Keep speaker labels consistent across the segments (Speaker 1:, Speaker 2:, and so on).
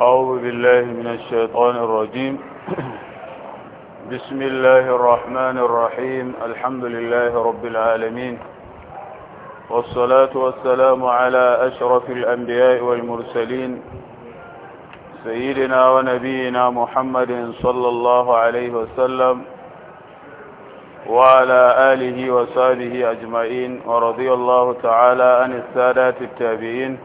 Speaker 1: أعوذ بالله من الشيطان الرجيم بسم الله الرحمن الرحيم الحمد لله رب العالمين والصلاة والسلام على أشرف الأنبياء والمرسلين سيدنا ونبينا محمد صلى الله عليه وسلم وعلى آله وصحبه أجمعين ورضي الله تعالى عن السادات التابعين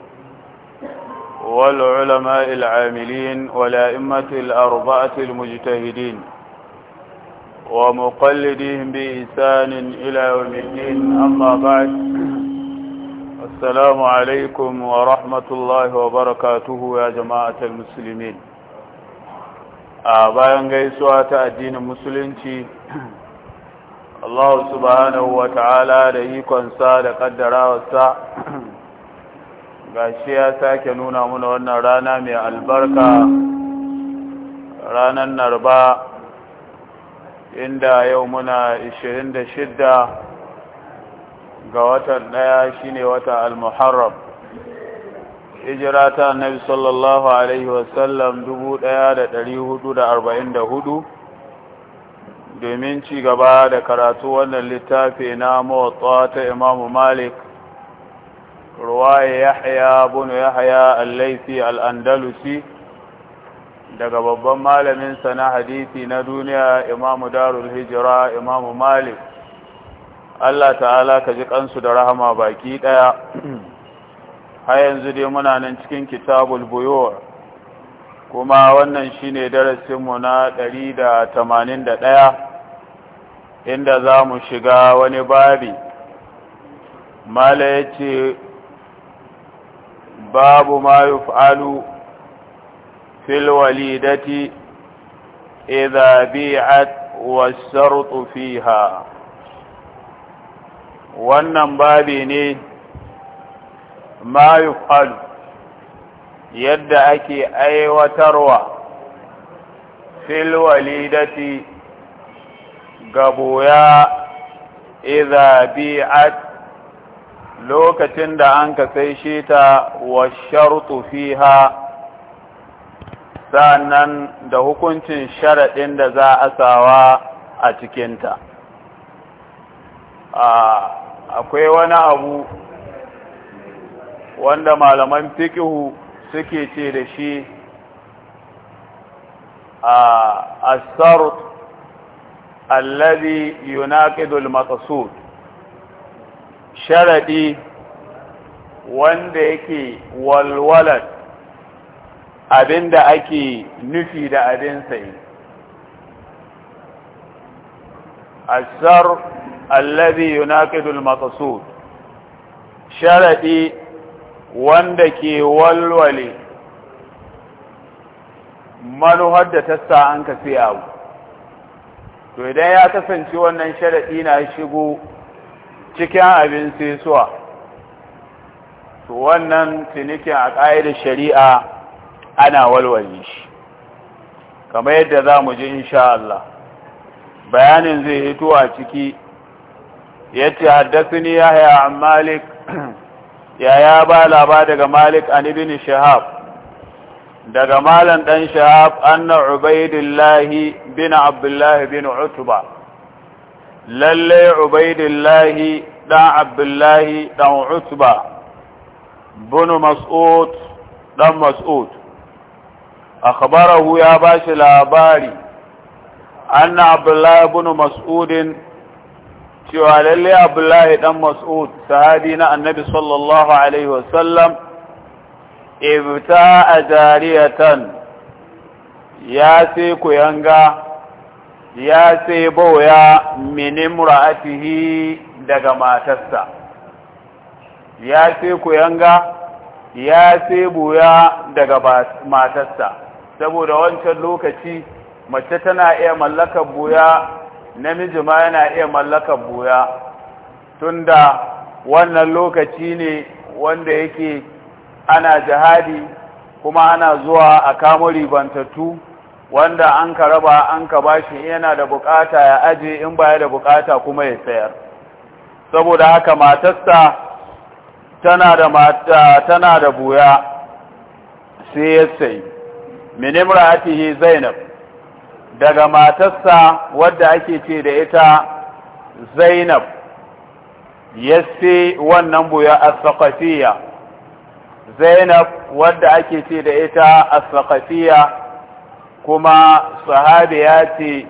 Speaker 1: والعلماء العاملين والأئمة الأربعة المجتهدين ومقلدهم بإحسان إلى يوم الدين أما بعد السلام عليكم ورحمة الله وبركاته يا جماعة المسلمين أبايان غيسوا تأدين المسلمين Allah subhanahu wa ta'ala da ikonsa da ƙaddara wasa gashi ya sake nuna muna wannan rana mai albarka ranar narba inda yau muna 26 ga watan daya shine wata al-muharram hijira ta annabi sallallahu alaihi wasallam 1444 domin ci gaba da karatu wannan littafi na mawatsa ta imamu malik ruwaye yahya bin yahya al laifi al-andalusi daga babban malamin sa na hadisi na duniya imamu darul hijra imamu malik Allah ta'ala ka ji kansu da rahama baki ɗaya. har yanzu dai muna nan cikin kitabul buyur kuma wannan shine darasinmu na da ɗaya. inda za mu shiga wani babi mala ya ce باب ما يفعل في الوليدة إذا بيعت والشرط فيها wannan babi ne ma yuf'alu yadda ake aiwatarwa fil walidati gaboya idza bi'at lokacin da an ka sai shi ta wa shartu fiha sannan da hukuncin sharaɗin da za a sawa a cikinta akwai wani abu wanda malaman fikihu suke ce da shi a asar allazi yunaqidul maqsud sharaɗi wanda yake walwalar abin da ake nufi da abin sayi asar allazi yunaqidul maqsud sharaɗi wanda ke walwale manuhar da tassa an ka sai abu to idan ya kasance wannan sharaɗi na shigo cikin abin sesuwa to wannan cinikin a ƙa'idar shari'a ana walwale shi kamar yadda za mu ji insha Allah bayanin zai hito a ciki ni ya haya a malik ya ya ba laba daga malik an ibn shahab daga malan ɗan shahab anna bin abdullahi bin utuba lalle ubaidillahi dan abdullahi dan utba bunu mas'ud dan mas'ud akhbarahu ya bashi labari anna abdullahi bunu mas'udin cewa lalle abdullahi dan mas'ud sahabi na annabi sallallahu alaihi wasallam ibta ajariyatan ya sai ku yanga ya sai bauya minin mura'atihi daga matarsa ya sai kuyanga ya sai buya daga matarsa saboda wancan lokaci mace tana iya mallakar buya namiji ma yana iya mallakar buya tunda wannan lokaci ne wanda yake ana jihadi kuma ana zuwa a kamuri ribantattu wanda an ka raba an ka bashi yana da bukata ya aje in baya da bukata kuma ya sayar saboda haka matarsa tana da mata tana da buya sai ya sayi min zainab daga matarsa wadda ake ce da ita zainab yasse wannan buya as zainab wadda ake ce da ita as-saqafiyya kuma sahabi ya ce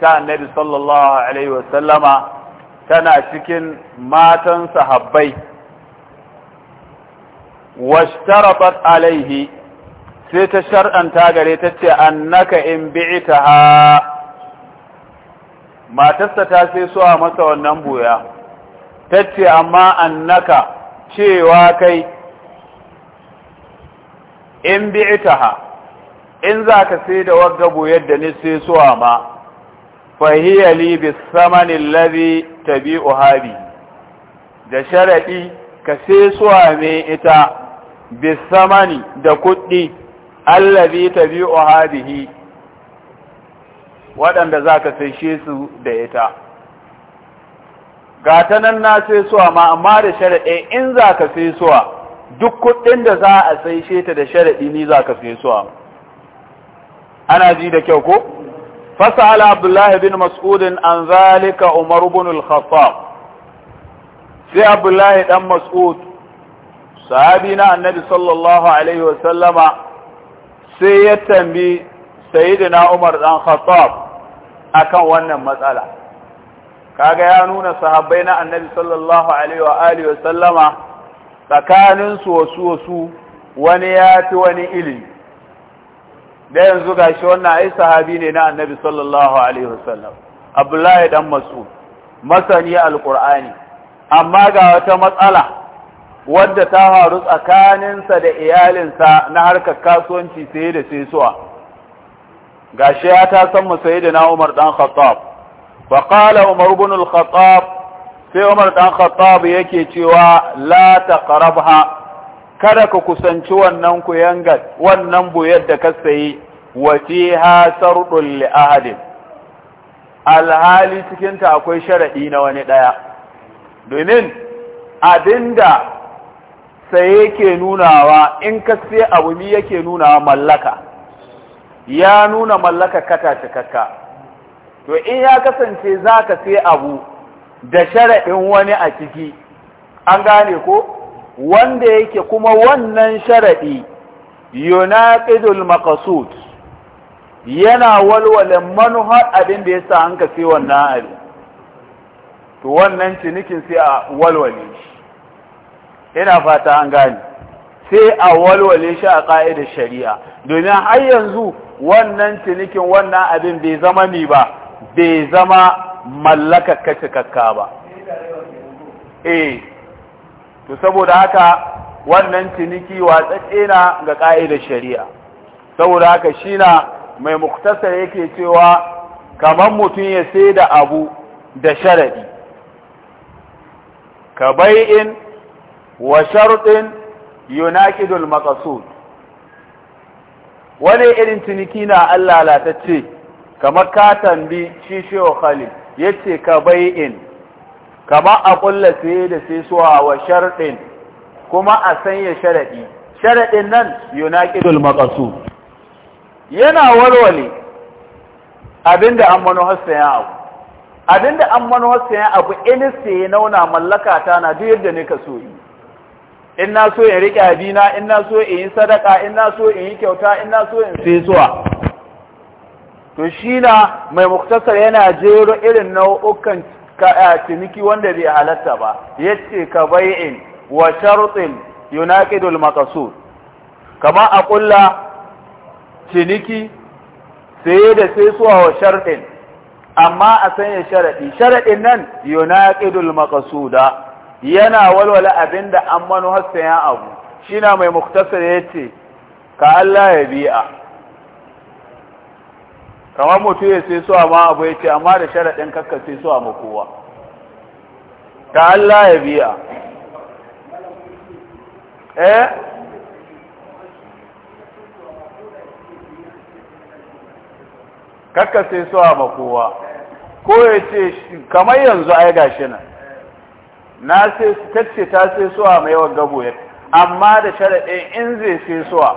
Speaker 1: ta annabi sallallahu alaihi wasallama tana cikin matan sahabbai washtarabat alaihi sai ta shar'anta gare ta ce annaka in bi'taha matarsa ta sai so a masa wannan buya ta ce amma annaka cewa kai in bi'taha in za ka sai da wagga yadda ni sai suwa ma fahiyya li bi samani allazi tabi'u habi da sharadi ka sai suwa me ita bi samani da kuɗi allazi tabi'u habihi waɗanda za ka sai shi su da ita ga ta nan na sai suwa ma amma da sharaɗi in za ka sai suwa duk kuɗin da za a sai sheta da sharaɗi ni za ka sai suwa ana ji da kyau ko fasala abdullahi bin mas'udin an zalika umar ibn al-khattab sai abdullahi dan mas'ud sahabi na annabi sallallahu alaihi wa sallama sai ya tambi sayidina umar dan khattab kan wannan matsala kaga ya nuna sahabbai na annabi sallallahu alaihi wa alihi sallama tsakanin wasu wasu wani ya fi wani ilimi da yanzu gashi wannan ai sahabi ne na annabi sallallahu alaihi wasallam abdullahi dan mas'ud masani alqur'ani amma ga wata matsala wadda ta faru tsakaninsa da iyalinsa na harkar kasuwanci sai da sai suwa gashi ya ta san mu sayyidina Umar dan Khattab fa qala Umar ibn al-Khattab sai Umar dan Khattab yake cewa la taqrabha kada ka kusanci wannan kuyangar wannan buyar da ka sayi wa fiha sardun li ahadin alhali cikinta akwai shara'i na wani ɗaya. domin abinda saye ke nunawa in ka sai abu mi yake nunawa mallaka ya nuna mallaka kata cikakka to in ya kasance za ka sai abu da shara'in wani a ciki an gane ko wanda yake kuma wannan sharadi yunaqidul maqsud yana walwala manuhar abin da yasa an kace wannan abin to wannan cinikin sai a walwale shi ina fata an gane sai a walwale shi a ka'idar shari'a domin har yanzu wannan cinikin wannan abin bai zama ni ba bai zama mallaka kace kakka ba eh to saboda haka wannan ciniki watsatse na ga ka'idar shari'a saboda haka shi na mai muktasar yake cewa kamar mutum ya sai da abu da sharadi ka bai'in wa sharɗin yunaqidul maqsud wani irin ciniki na Allah ce kamar ka tambi shi shehu Khalid yace ka bai in. kama a kulla sai da sai suwa wa sharɗin kuma a sanya sharaɗi sharaɗin nan yunaqidul maƙasu. yana walwale abinda an manu hasaya abu abinda an manu hasaya abu ilisi ya nauna mallaka ta na duk yadda ne ka so yi in na so in riƙe abina in na so in yi sadaka in na so in yi kyauta in na so in sai suwa to shi na mai muktasar yana jero irin nau'ukan ciniki wanda bai halatta ba yace ka bai'in wa shartin yunaqidul maqsud kama a ƙulla ciniki sai da sai suwa wa shartin amma a sanya sharaɗi sharadin nan yunaqidul maqsuda yana walwala abinda an manu hassan ya abu na mai muktasar yace ka Allah ya bi'a kamar mutu ya sai suwa ma abu ya ce amma da sharaɗin kakka sai suwa ma kowa ta Allah ya biya eh kakka sai suwa ma kowa ko ya ce kamar yanzu ai gashi nan na sai tacce ta sai a mai yawan gabo ya amma da sharaɗin in zai sai a.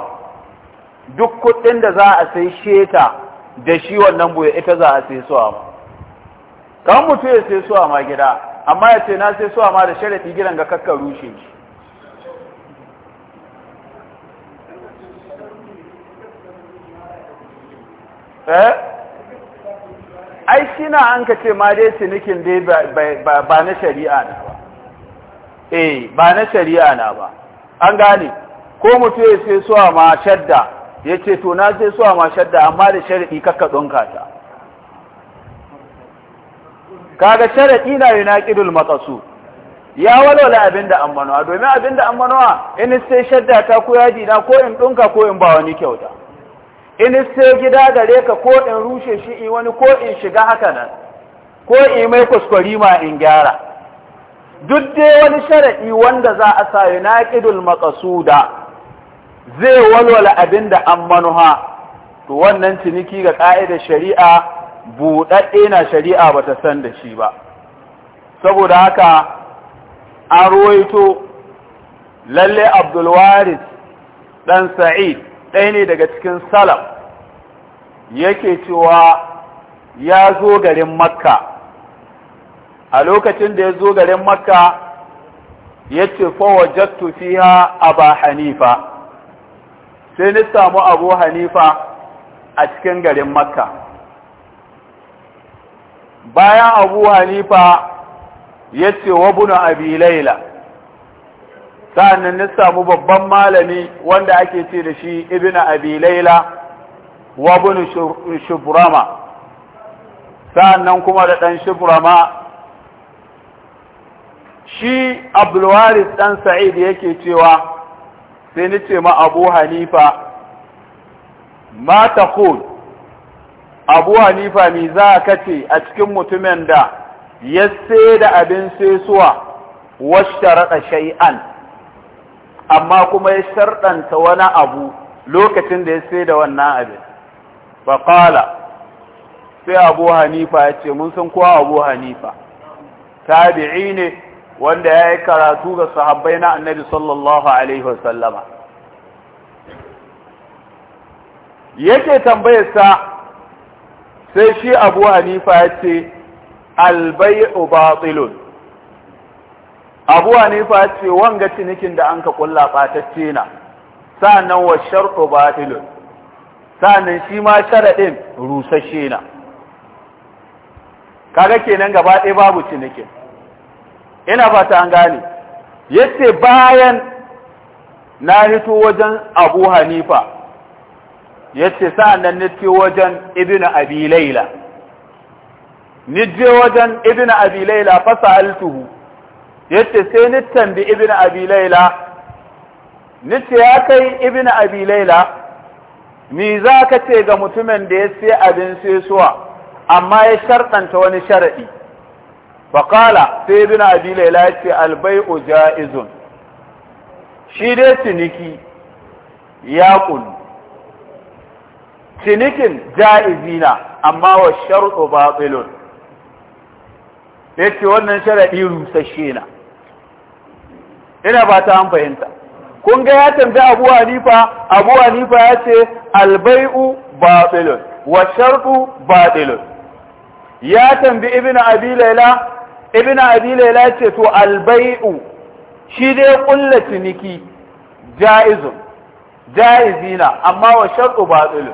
Speaker 1: duk kuɗin da za a sai sheta da shi wannan buya ita za a sai su ma kan mutu ya sai su a ma gida amma ya ce na sai su a ma da sharafi gidan ga kakka rushe shi eh ai shi na an ka ce ma dai cinikin dai ba na shari'a na ba eh ba na shari'a na ba an gane ko mutu ya sai su a ma shadda ya ce to na zai suwa ma shadda amma da sharaɗi kakka ɗonka ta kaga sharaɗi na yi na ƙidul matasu ya walwala abin da ammanuwa domin abin da ammanuwa in sai shadda ta ko yaji na ko in ɗonka ko in ba wani kyauta in sai gida gare ka ko in rushe shi in wani ko in shiga haka nan ko in mai kuskuri ma in gyara duk dai wani sharaɗi wanda za a sa yi na ƙidul matasu da zai walwala abin da an manuha to wannan ciniki ga ƙa'idar shari'a buɗaɗɗe na shari'a ba ta san da shi ba saboda haka an ruwaito lalle abdulwaris ɗan sa'id ɗaya ne daga cikin salam yake cewa ya zo garin makka a lokacin da ya zo garin makka ya ce fawajattu fiha ba hanifa sai ni samu abu hanifa a cikin garin makka bayan abu hanifa ya ce wa buna abi laila sa'annan ni samu babban malami wanda ake ce da shi ibn abi laila wa shubrama sa'annan kuma da ɗan shubrama shi abdulwaris ɗan sa'id yake cewa sai ni ce ma abu hanifa ma ta abu hanifa mi za ka ce a cikin mutumin da ya sai da abin sesuwa washtarata shay'an amma kuma ya sharɗanta wani abu lokacin da ya sai da wannan abin faƙala sai abu hanifa ya ce mun san kowa abu hanifa tabi'i ne wanda ya yi karatu ga sahabbai na annabi sallallahu alaihi wasallama yake tambayarsa sai shi abu hanifa ya ce albai'u batilun abu hanifa ya ce wanga cinikin da an ka kulla batacce na sa'annan wa shartu batilun sa'annan shi ma sharaɗin rusashe na kaga kenan gaba ɗaya babu cinikin ina fata an gane yace bayan na hito wajen Abu Hanifa yace sa'annan nace wajen Ibn Abi Layla nije wajen Ibn Abi Layla fa sa'altuhu yace sai ni tambi Ibn Abi Layla ce ya kai Ibn Abi Layla me za ka ce ga mutumin da ya sai abin sai suwa amma ya shartanta wani sharadi faƙala sai bin abi laila ce albai'u ja'izun shi dai ciniki ya kullu cinikin ja'izina amma wa sharɗu batilun ce wannan sharaɗi rusashe na ina ba ta an fahimta kun ga ya tambaya abu hanifa abu hanifa ya ce albai'u batilun wa sharɗu batilun ya tambi ibnu abi laila ibn abi laila ce to albai'u shi dai kulla ciniki jaizun jaizina amma wa shartu batil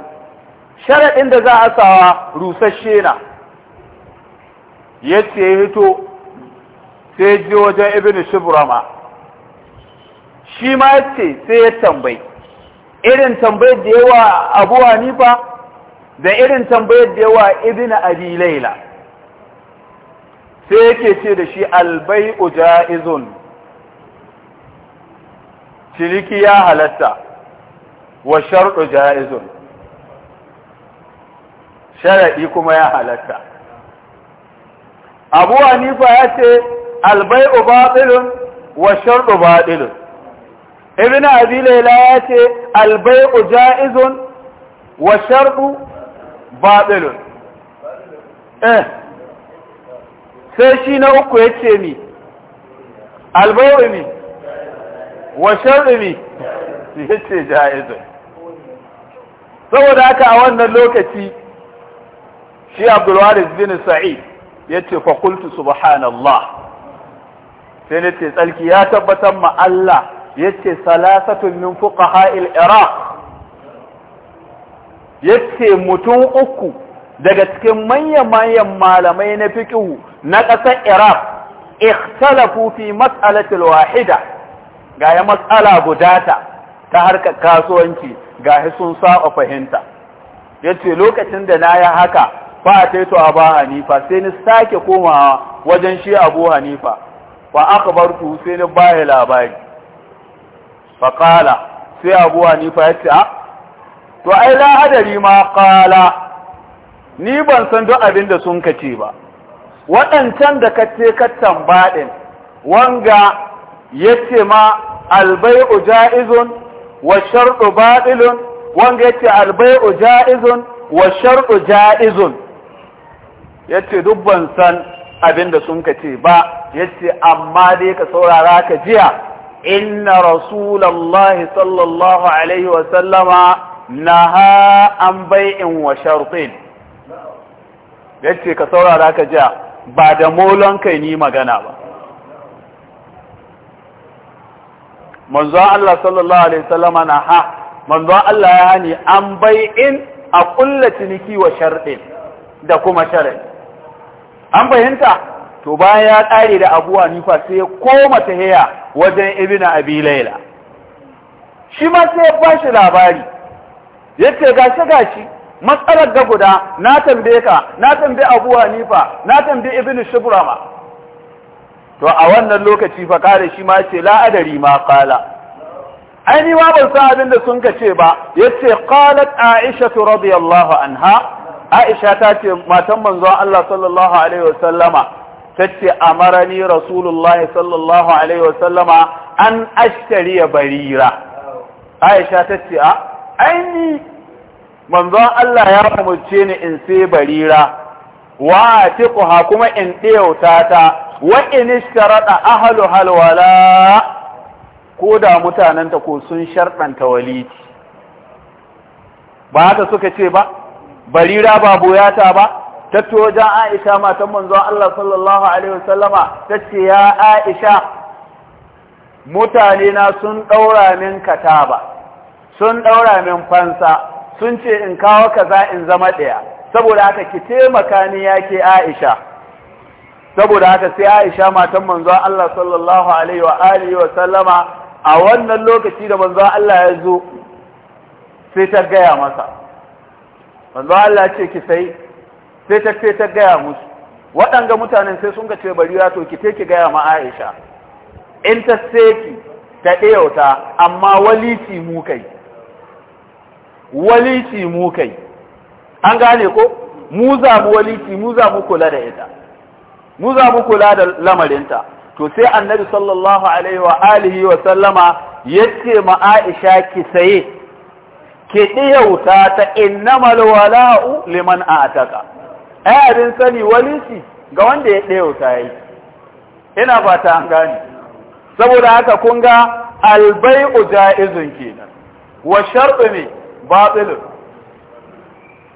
Speaker 1: sharadin da za a sawa rusasshe na yace to sai je wajen ibn shibrama shi ma yace sai ya tambayi irin tambayar da yawa abu hanifa da irin tambayar da yawa ibn abi laila sai yake ce da shi albai'u ja'izun ciniki ya halatta wa shar'u ja'izun shar'i kuma ya halatta Abu Hanifa ya ce albai'u batilun wa shar'u batilun Ibn Abi Layla ya ce albai'u ja'izun wa shar'u batilun eh sai shi na uku ya ce mi albawo mi washar mi ya ce ja'izun saboda aka a wannan lokaci shi abdulwaris bin sa'id ya ce fakultu subhanallah sai ne ce tsarki ya tabbatar ma Allah ya ce salasatun min fuqaha iraq ya ce mutum uku daga cikin manyan manyan malamai na fiƙihu na ƙasar iraq ikhtalafu fi mas'alatil wahida ga ya matsala gudata ta harkar kasuwanci ga sun saba fahimta yace lokacin da na yi haka fa taito abu hanifa sai ni sake komawa wajen shi abu hanifa bar akhbartu sai ni ya labari fa qala sai abu hanifa yace a ah, to ai la hadari ma ƙala. ni ban san duk abin da sun kace ba waɗancan da ka ce ka wanga ya ce ma albai'u ja'izun wa shar'u baɗilun wanga ya ce albai'u ja'izun wa shar'u ja'izun ya ce dubban san abin da sun ka ce ba ya ce amma dai ka saurara ka jiya inna rasulallah sallallahu alaihi wasallama ha an bai'in wa sharfin ya ce ka saurara ka jiya ba da molon kai ni magana ba Manzo Allah sallallahu alaihi wasallama na ha manzo Allah ya hani an bai in a kulla ciniki wa sharin da kuma sharin. an fahimta to bayan ya ƙare da abuwa nifa sai ya koma ta haya wajen ibina abi laila shi ma sai ya bashi labari Yace gashi gashi matsalar ga guda na tambaye ka na tambaye Abu Hanifa na tambaye Ibn Shubrama to a wannan lokaci fa kare shi ma ce la adari ma qala Aini ma ban san abin da sun ka ce ba yace qalat Aisha radiyallahu anha Aisha ta ce matan manzon Allah sallallahu alaihi wasallama tace amarani rasulullahi sallallahu alaihi wasallama an ashtariya barira Aisha tace a aini. manzon Allah ya umarce ni in sai barira wa ha kuma in ɗewta ta wa in ishtaraɗa ahlu halwala ko da mutanenta ko sun sharɗanta waliti ba haka suka ce ba barira ba boyata ba tatto wajen Aisha matan manzon Allah sallallahu alaihi wasallama tace ya Aisha mutane na sun daura min kataba sun daura min fansa sun ce in kawo kaza in zama ɗaya saboda haka ki taimaka ni yake Aisha saboda haka sai Aisha matan manzo Allah sallallahu alaihi wa alihi wa sallama a wannan lokaci da manzo Allah ya zo sai ta gaya masa manzo Allah ce ki sai sai ta ce ta gaya musu waɗanga mutanen sai sun ga ce bari ya to ki ki gaya ma Aisha in ta sai ki ta ɗeyauta amma waliti mu kai walici mu kai an gane ko mu za mu walici mu za mu kula da ita mu za mu kula da lamarinta to sai annabi sallallahu alaihi wa alihi wa sallama yace ma Aisha ki saye ki wuta ta innamal wala'u liman ataka ai abin sani walici ga wanda ya wuta yi ina fata an gane saboda haka kun ga albay'u ja'izun kenan wa shar'u ne batilun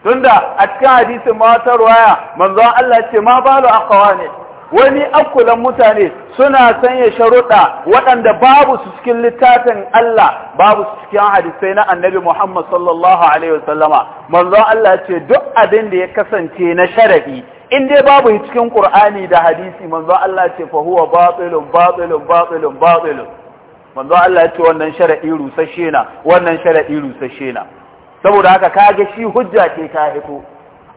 Speaker 1: tunda a cikin hadisin ma wata ruwaya manzon Allah ce ma balu aqwani wani akulan mutane suna sanya sharuɗa waɗanda babu su cikin littafin Allah babu su cikin hadisai na annabi Muhammad sallallahu alaihi wasallama manzon Allah ce duk abin da ya kasance na sharafi in dai babu cikin Qur'ani da hadisi manzon Allah ce fa huwa batilun batilun batilun batilun manzon Allah ce wannan sharadi rusasshe na wannan sharadi rusasshe na saboda haka kaga shi hujja ce ta hito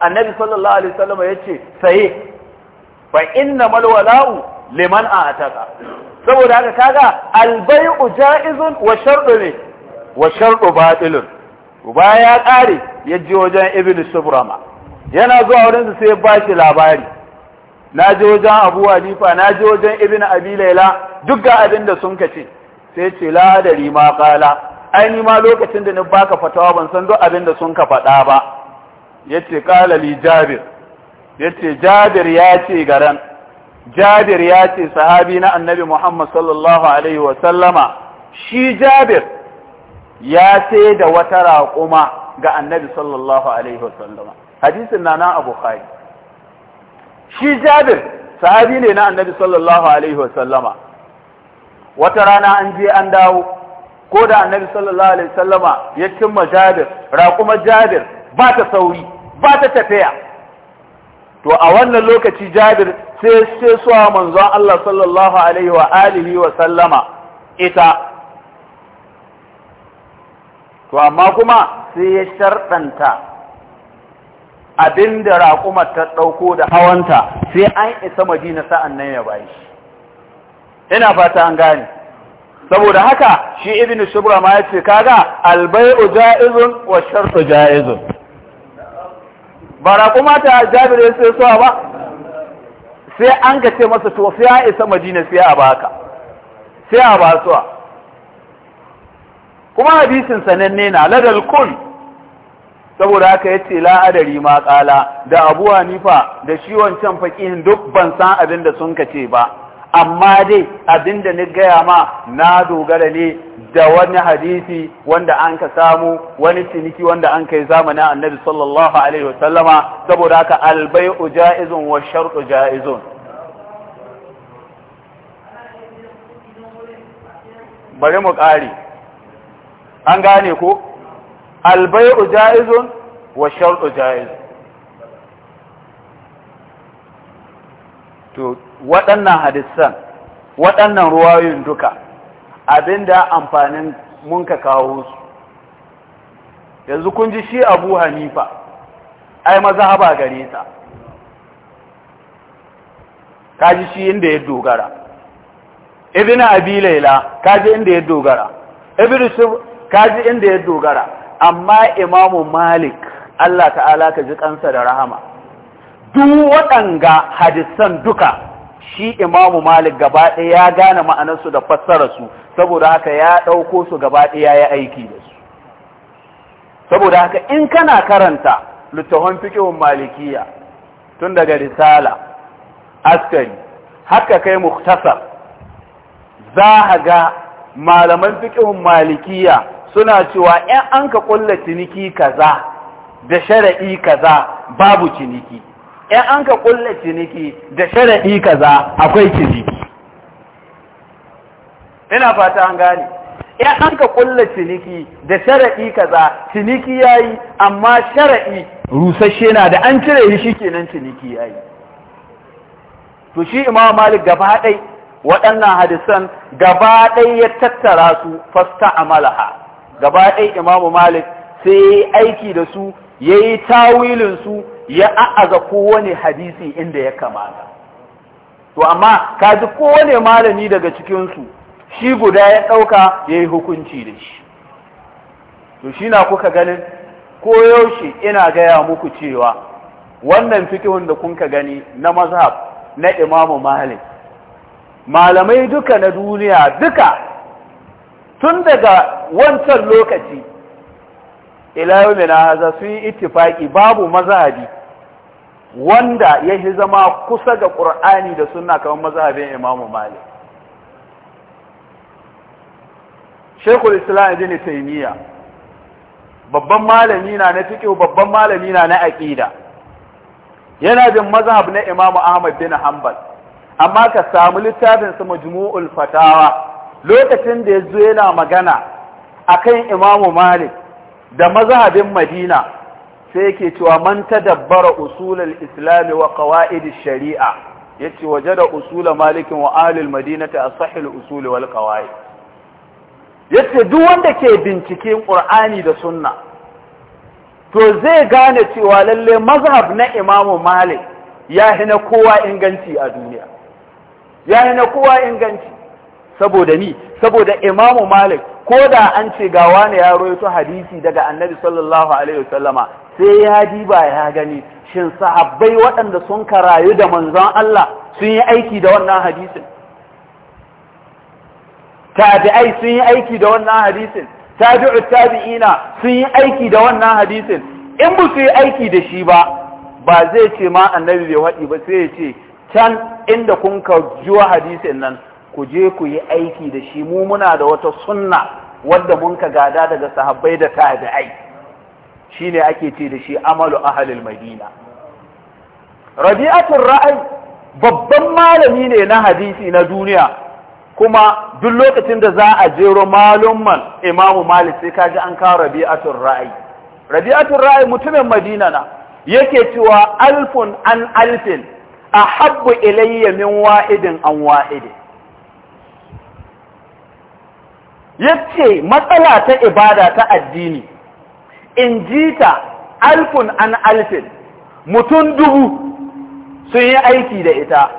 Speaker 1: annabi sallallahu alaihi wasallam yace sai fa mal wala'u liman a'taka saboda haka kaga albay'u ja'izun wa shartu ne wa shartu batilun Uba ya kare ya ji wajen ibnu subrama yana zuwa wurin sa sai ba shi labari na ji wajen abu hanifa na ji wajen ibnu Abilaila, laila duk ga abin sun kace sai ce la adari ma qala ai ma lokacin da ni baka fatawa ban san duk abin da sun ka faɗa ba yace qala li jabir yace jabir ya ce garan jabir ya ce sahabi na annabi muhammad sallallahu alaihi wa sallama shi jabir ya ce da wata raƙuma ga annabi sallallahu alaihi wa sallama hadisin na na abu khari shi jabir sahabi ne na annabi sallallahu alaihi wa sallama wata rana an je an dawo ko da annabi sallallahu alaihi sallama ya cimma jabir raƙuma jabir ba ta sauri ba ta tafiya to a wannan lokaci jabir sai sai suwa manzon Allah sallallahu alaihi wa alihi wa sallama ita to amma kuma sai ya sharɗanta abinda raƙumar ta ɗauko da hawanta sai an isa madina sa'an nan ya bayi ina fata an gane saboda haka shi ibn shubra ma yace kaga albay'u ja'izun wa shartu ja'izun bara kuma ta jabir yace so ba sai an gace masa to sai ya isa madina sai a baka sai a basuwa kuma hadisin sananne na ladal kun saboda haka yace la adari ma ƙala, da abu hanifa da shi wancan faqihin duk ban san abin da sun kace ba amma dai abinda ni gaya ma na dogara ne da wani hadisi wanda an ka samu wani ciniki wanda an kai zamanin annabi sallallahu alaihi wasallama saboda haka albai'u ja'izun wa shartu ja'izun bari mu ƙari an gane ko albai'u ja'izun wa shartu ja'izun waɗannan hadisan waɗannan ruwayoyin duka abinda amfanin mun ka kawo su yanzu kun ji shi abu hanifa ai maza haba gare ta kaji shi inda ya dogara ibn abi laila kaji inda ya dogara ibn ka kaji inda ya dogara amma imamu malik Allah ta'ala ka ji kansa da rahama duk waɗanga hadisan duka shi imamu malik gaba ɗaya ya gane ma'anarsu da fassararsu saboda haka ya ɗauko su gaba ɗaya ya aiki da su saboda haka in kana karanta littafin fiƙihun malikiya tun daga risala askari haka kai muktasar za a ga malaman fiƙihun malikiya suna cewa ‘yan an ka ƙulla ciniki kaza da shara'i kaza babu ciniki in an ka kulla ciniki da shara'i kaza akwai ciniki ina fata an gane in an ka ƙulla ciniki da shara'i kaza ciniki yayi amma shara'i rusasshe na da an cire shi kenan ciniki yayi to shi imam malik gaba ɗai waɗannan hadisan gaba ɗai ya tattara su fasta amalaha gaba ɗai imam malik sai ya yi aiki da su ya yi tawilin su ya a'aza kowane hadisi inda ya kamata to amma ka ji kowane malami daga cikinsu shi guda ya ɗauka ya yi hukunci da shi to shi na kuka ganin koyaushe ina gaya muku cewa wannan fikihun da kunka gani na mazhab na imamu malik malamai duka na duniya duka tun daga wancan lokaci ila yau na sun yi ittifaki babu mazhabi wanda ya yi zama kusa ga ƙur'ani da suna kamar mazhabin imamu malik shekul islam ibn taymiya babban malami na na fiqh babban malami na na aƙida. yana bin mazhab na imamu ahmad bin hanbal amma ka samu littafin sa majmu'ul fatawa lokacin da ya zo yana magana akan imamu malik da mazhabin madina sai yake cewa man tadabbara usulul islam wa qawaid sharia yace wajada usul malik wa ahli al-madinati as-sahih usul wal qawaid yace duk wanda ke binciken qur'ani da sunna to zai gane cewa lalle mazhab na imamu malik ya hina kowa inganci a duniya ya hina kowa inganci saboda ni saboda imamu malik ko da an ce ga wani ya roito hadisi daga annabi sallallahu alaihi wasallama sai ya ba ya gani shin sahabbai waɗanda sun karayu da manzon Allah sun yi aiki da wannan hadisin tabi'ai sun yi aiki da wannan hadisin tabi'u tabi'ina sun yi aiki da wannan hadisin in ba su yi aiki da shi ba ba zai ce ma annabi bai haɗi ba sai ya ce can inda kun ka juwa hadisin nan ku je ku yi aiki da shi mu muna da wata sunna wadda mun ka gada daga sahabbai da tabi'ai shine ake ce da shi amalu ahalil madina rabi'atul ra'ay babban malami ne na hadisi na duniya kuma duk lokacin da za a jero malumman imamu malik sai kaji an kawo rabi'atul ra'ay rabi'atul ra'ay mutumin madina na yake cewa alfun an alfin ahabbu ilayya min wa'idin an wa'idin yace matsala ta ibada ta addini in jita alfun an alfin mutum dubu sun yi aiki da ita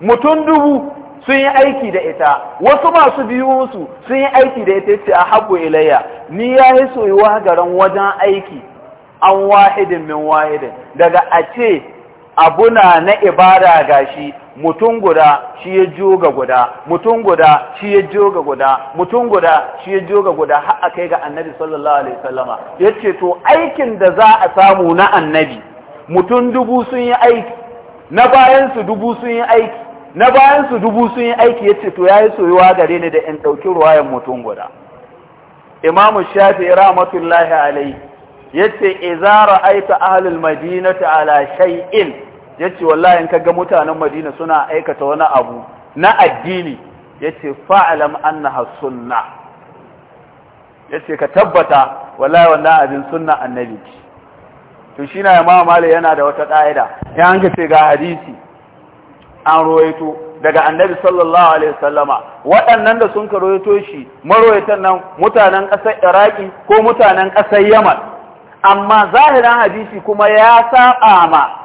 Speaker 1: mutum dubu sun yi aiki da ita wasu masu biyu su sun yi aiki da ita ce a habu ilayya ni ya yi soyuwa garan wajen aiki an wahidin min wahidin daga a ce abuna na ibada gashi mutum guda shi ya joga guda mutum guda shi ya joga guda mutum guda shi ya joga guda har a kai ga annabi sallallahu alaihi wasallama yace to aikin da za a samu na annabi mutum dubu sun yi aiki na bayan su dubu sun yi aiki na bayan su dubu sun yi aiki yace to yayi soyuwa gare ni da in dauki ruwayan mutum guda imamu shafi rahmatullahi alaihi yace idza ra'aita ahlul madinati ala shay'in yace wallahi in kaga mutanen Madina suna aikata wani abu na addini yace fa'alam annaha sunna yace ka tabbata wallahi wannan abin sunna annabi to shi na Imam Malik yana da wata ƙa'ida ya an ce ga hadisi an ruwaito daga annabi sallallahu alaihi wasallama waɗannan da sun karoyato shi marwayatan nan mutanen ƙasar Iraki ko mutanen ƙasar yamal amma zahirin hadisi kuma ya saɓa ma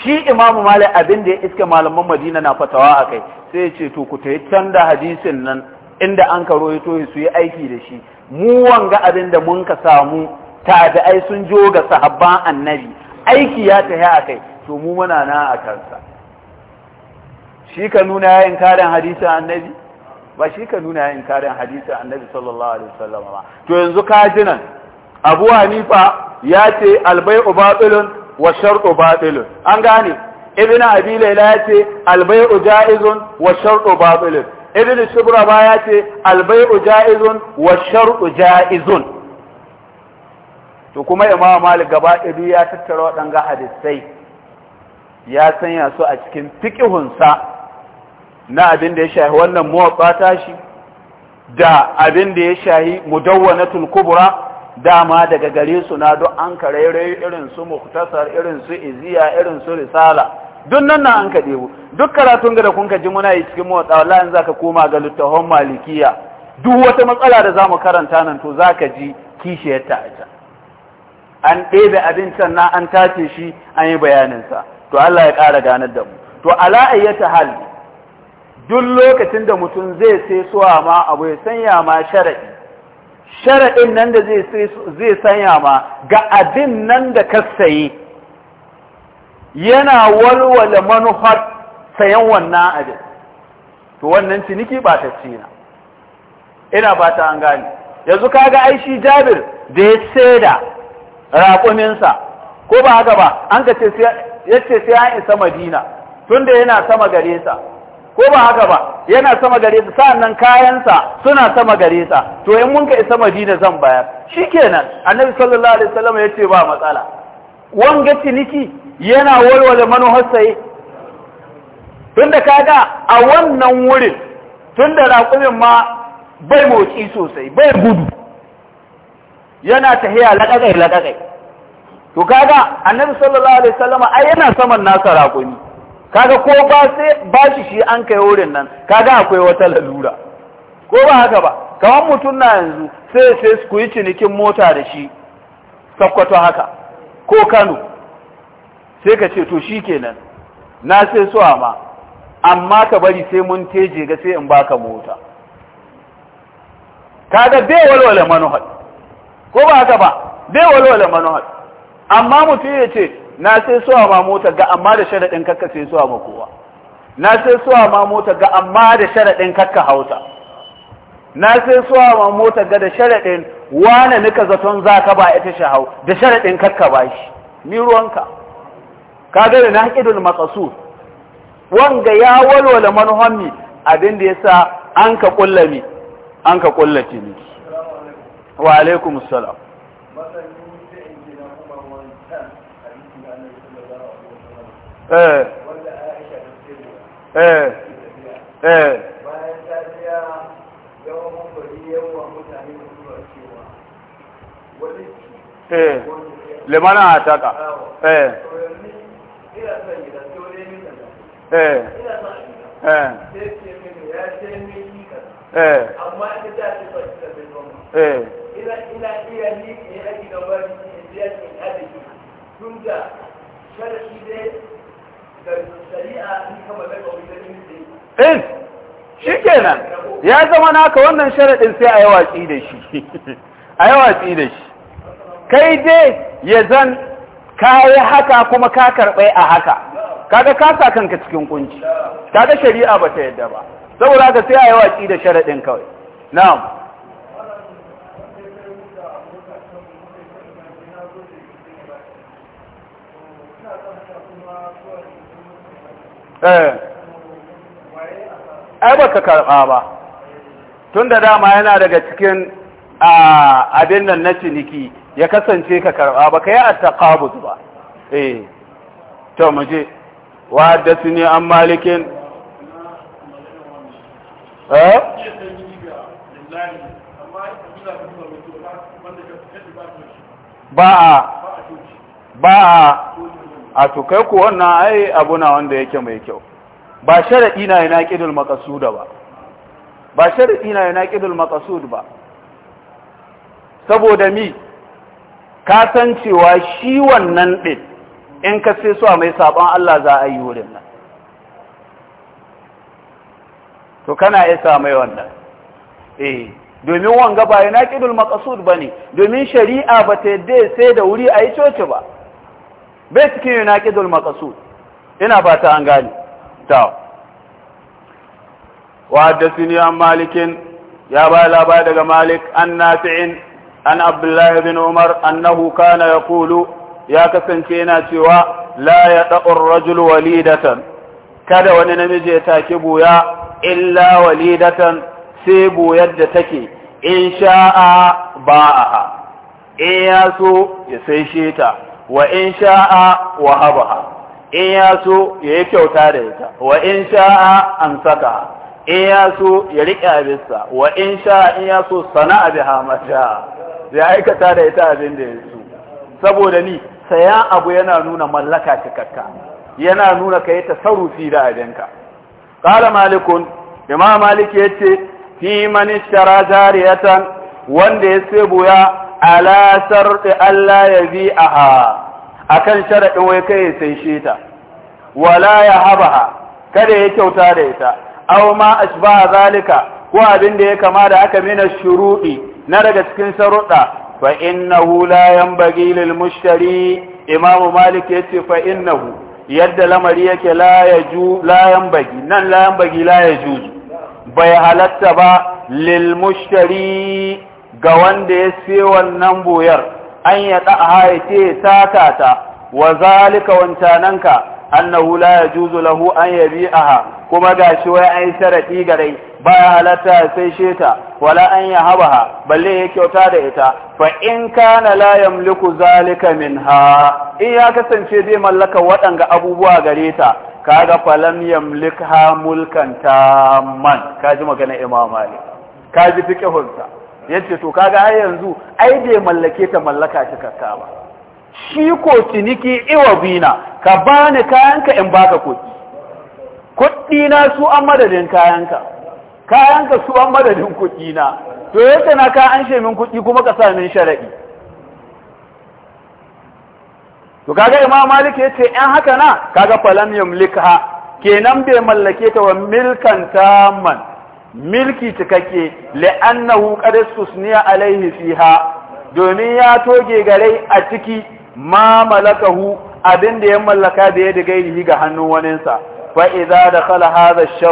Speaker 1: shi imamu malik abin da ya iske malaman madina na fatawa a kai sai ya ce to ku ta can da hadisin nan inda an karo ya toye su yi aiki da shi mu wanga abin da mun ka samu tabi'ai sun jo ga sahabban annabi aiki ya tahi a kai to mu muna na a kansa shi ka nuna ya karin hadisin annabi ba shi ka nuna ya karin hadisin annabi sallallahu alaihi wasallam ba to yanzu ka jinan abu hanifa ya ce albai ubabilun wa shartu batilun an gane ibnu abi layla yace albai'u ja'izun wa shartu batilun ibnu shubra ba yace albay'u ja'izun wa shartu ja'izun to kuma imam malik gaba ɗaya ya tattara waɗanga hadisai ya sanya su a cikin fiƙihunsa. na abin da ya shahi wannan muwaffata shi da abin da ya shahi mudawwanatul kubra dama daga gare su na duk an karairai irin su muktasar irin su iziya irin su risala duk nan na an ka debo duk karatun ga da kun ka ji muna yi cikin motsa wallahi za ka koma ga littafin malikiya duk wata matsala da zamu karanta nan to za ka ji kishiyarta a can an ɗebe abincin na an tace shi an yi bayaninsa to Allah ya ƙara ganar da mu to ala ayyata hal duk lokacin da mutum zai sai suwa ma abu ya sanya ma shara'i sharaɗin nan da zai sanya ma ga abin nan da ka sayi yana walwala manufar sayan wannan abin to wannan ciniki ba ta cina ina ba ta an gani yanzu kaga Aishi jabir da ya saida raƙuminsa ko ba haka ba an ka ce sai an isa madina tunda yana sama gare sa ko ba haka ba yana sama gare Sa nan kayansa suna sama gare sa to in mun ka isa Madina zan bayar shikenan annabi sallallahu alaihi wasallam ya ce ba matsala wanga ciniki yana walwala manuhar sai tunda kaga a wannan wurin tunda raƙumin ma bai motsi sosai bai gudu yana tahiya laƙaƙai laƙaƙai to kaga annabi sallallahu alaihi wasallam ai yana saman nasa raƙumi kaga ko ba sai ba shi shi an kai wurin nan kaga akwai wata lalura ko ba haka ba kamar mutum na yanzu sai sai ku yi cinikin mota da shi sakwato haka ko kano sai ka ce to shi kenan na sai so ma amma ka bari sai mun teje ga sai in baka mota kaga bai walwala manuhal ko ba haka ba bai walwala manuhal amma mutum ya ce na sai suwa ma mota ga amma da sharaɗin kakka sai suwa ma kowa na sai suwa ma mota ga amma da sharaɗin kakka hausa na sai suwa ma mota ga da sharaɗin wane nika zaton za ka ba ita shi hau, da sharaɗin kakka ba shi ni ruwanka ka gani na haƙidul matsasu wanga ya walwala mi, abin da ya sa an ka ƙulla mi an ka ƙulla ni wa alaikum salam Eh. Eh. Eh. limana a taka ina
Speaker 2: iya
Speaker 1: ni ya ce adadi tun da
Speaker 2: sharafi dai in
Speaker 1: eh, shi kenan ya zama naka wannan sharaɗin sai a yi watsi da shi a yi watsi da shi kai dai ya zan kayi haka kuma ka karɓai a haka kaga ka sa kanka cikin kunci kaga shari'a ba ta yadda ba saboda ka sai a yi watsi da sharaɗin kawai na'am eh ai ba ka karɓa ba tun da dama yana daga cikin abin nan na ciniki ya kasance ka karɓa ba ka yi a taƙabus ba eh to mu je wa haddasa ne an malikin eh ba a ba a a to kai wannan ai abu na wanda yake mai kyau
Speaker 2: ba sharadi
Speaker 1: na yana qidul maqsuda ba ba sharadi na yana maqsud ba saboda mi ka san cewa shi wannan din in ka sai so mai sabon Allah za a yi wurin nan to kana isa mai wannan eh domin wanga ba yana qidul maqsud bane domin shari'a ba ta yadda sai da wuri a yi coci ba bai cikin na ƙidul matsasu ina ba ta an gani ta wadda an malikin ya ba labar daga malik an nafi'in an abdullahi bin umar annahu kana ya kulu ya kasance yana cewa la ya ɗa'ur rajul walidatan kada wani namiji ya take buya illa walidatan sai buyar da take in sha'a ha in ya so ya sai ta wa in sha'a wa habaha in ya so ya yi kyauta da ita wa in sha'a an saka in ya so ya riƙe abinsa wa in sha'a in ya so sana'a biha mata ya aikata da ita abin da ya so saboda ni saya abu yana nuna mallaka cikakka yana nuna ka yi tasarrufi da abinka qala malikun imam malik yace fi man ishtara jariyatan wanda ya sai boya ala sharti Allah ya bi aha kan sharaɗin wai kai sai shi ta wala ya habaha kada ya kyauta da ita aw ma a zalika ko abin da ya kama da aka mina shiruɗi? na daga cikin sharuɗa fa innahu la bagi, lil mushtari imamu malik yace fa innahu yadda lamari yake la la nan la bagi, la yaju bai halatta ba lil mushtari ga wanda ya siyo wannan buyar an ya ɗa'aha ya ce ta wa zalika wancananka annahu la yajuzu lahu an ya yabi'aha kuma shi wai ai sharadi gare baya halatta sai sheta wala an ya yahabaha balle ya kyauta da ita fa in kana la yamliku zalika minha in ya kasance bai mallaka waɗanga abubuwa gare ta kaga falam yamlikha mulkan tamman kaji magana imam kaji fiqhunsa yace to kaga har yanzu ai bai mallake ta mallaka kakka ba shi ko ciniki bina ka bani kayanka in baka kuɗi kuɗi na su an madadin kayanka kayanka su an madadin kuɗi na to yace na ka an shemin kuɗi kuma ka sa min sharadi to kaga imam malik yace in haka na kaga falam yamlikha kenan bai mallake ta wa milkan tamman milki cikakke li'annahu qad istusniya alaihi fiha domin ya toge gare a ciki ma malakahu abin da ya mallaka da ya yi ga hannun waninsa fa idza dakhala hadha ash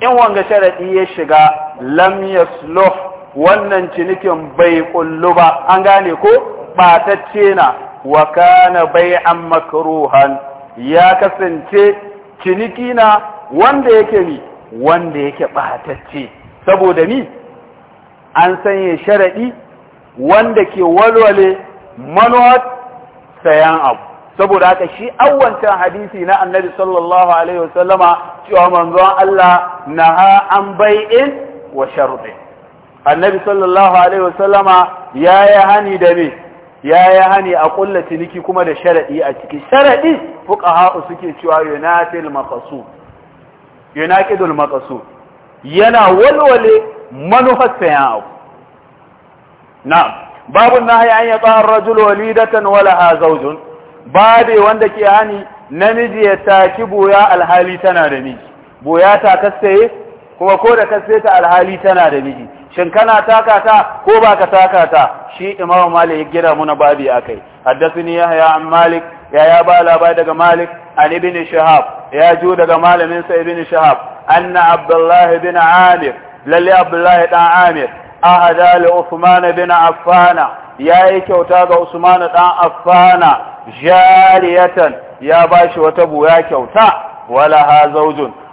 Speaker 1: in wanga sharadi ya shiga lam yasluh wannan cinikin bai kullu ba an gane ko batacce na wa kana bai'an makruhan ya kasance Cinikina na wanda yake ni wanda yake batacce saboda ni an sanya sharaɗi wanda ke walwale manuwar sayan abu saboda haka shi awwancan hadisi na annabi sallallahu alaihi wasallama cewa manzon Allah ha an bai'in wa sharbi annabi sallallahu alaihi wasallama yi hani da me yayi hani a kulla ciniki kuma da sharaɗi a ciki fuka fuqaha suke cewa yunatil makasu yunaqidul maqsud yana walwale manufar sayan abu na'am babu nahyi an yata ar-rajul walidatan wala ha zawjun babe wanda ke hani namiji ya taki boya alhali tana da miji boya ta kasaye kuma ko da kasaye ta alhali tana da miji shin kana taka ta ko baka taka ta shi imamu malik ya gira muna babi akai haddathani yahya an malik ya ya ba labai daga malik an ibn shahab ya ju daga malamin sa ibn shahab anna abdullah bin amir lalle abdullah dan amir ahada li usman bin affana yayi kyauta ga usman dan afana jariyatan ya bashi wata buya kyauta wala ha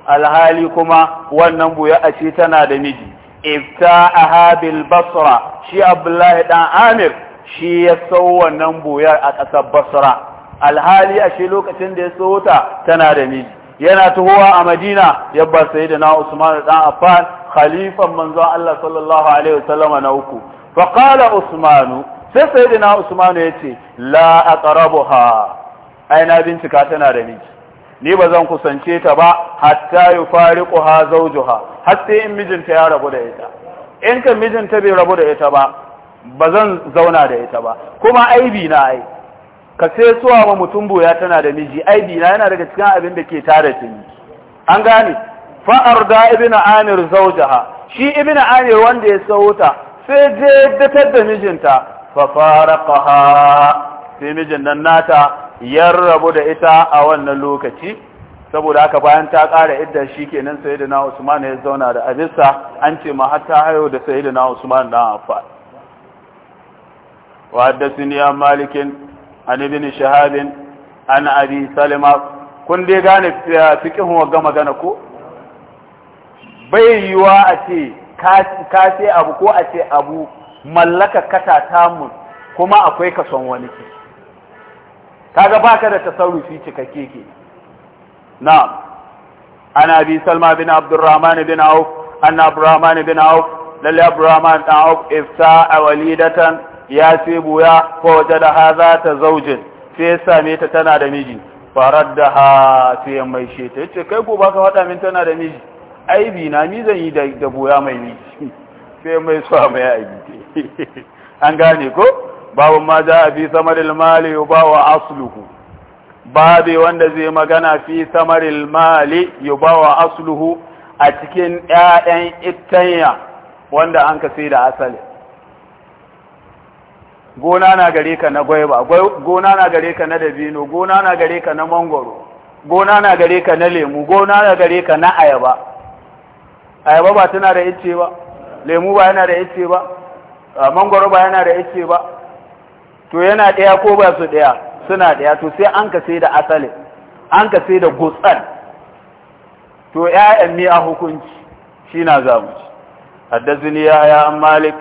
Speaker 1: alhali kuma wannan buya a ce tana da miji ibta'aha bil basra shi abdullahi dan amir shi ya sau wannan buyar a ƙasar basra alhali ashe lokacin da ya so ta tana da miji yana tuhowa a madina ya bar sayyidina usman dan affan khalifan manzon Allah sallallahu alaihi wasallama na uku fa qala usman sai sayyidina usman ce la aqrabuha ai na bincika tana da miji ni ba zan kusance ta ba hatta yufariquha zawjuha har sai in mijinta ya rabu da ita in kan mijinta bai rabu da ita ba ba zan zauna da ita ba kuma aibi na ai ka sai suwa ma mutum boya tana da miji aibi na yana daga cikin abin da ke tare ni an gane fa arda ibnu amir zaujaha shi ibnu amir wanda ya sauta sai je datar da mijinta fa faraqaha sai mijin nan nata yarrabu da ita a wannan lokaci saboda haka bayan ta ƙara idda shi kenan sayyidina Usman ya zauna da abinsa an ce ma hatta hayo da sayyidina Usman dan afa wa haddathani ya malikin an ibn shahab an abi salama kun dai gane fiqhun wa gama gana ko bai yiwa a ce ka ce abu ko a ce abu mallaka kata tamun kuma akwai ka son wani ke kaga baka da tasarrufi cikakke ke na ana bi salma bin abdurrahman bin auf anna abdurrahman bin auf lalle abdurrahman bin auf ifta walidatan ya ce buya ko waje da za ta zaujin sai ya same ta tana da miji farar da ha sai ya mai she ta ce kai ko ba ka faɗa min tana da miji aibi na ni zan yi da buya mai miji sai mai so mai aibi an gane ko babu ma za a fi samarin mali yubawa asuluhu babe wanda zai magana fi samarin mali wa asuluhu a cikin ƴaƴan itanya wanda an ka sai da asali gona na gare ka na gwaiba gona na gare ka na dabino gona na gare ka na mangoro gona na gare ka na lemu gona na gare ka na ayaba ayaba ba tana da ice ba lemu ba yana da ice ba mangoro ba yana da ice ba to yana daya ko ba su daya suna daya to sai an ka sai da asali an ka sai da gutsan to 'ya'yan mi a hukunci shi na zamu haddazini ya ya malik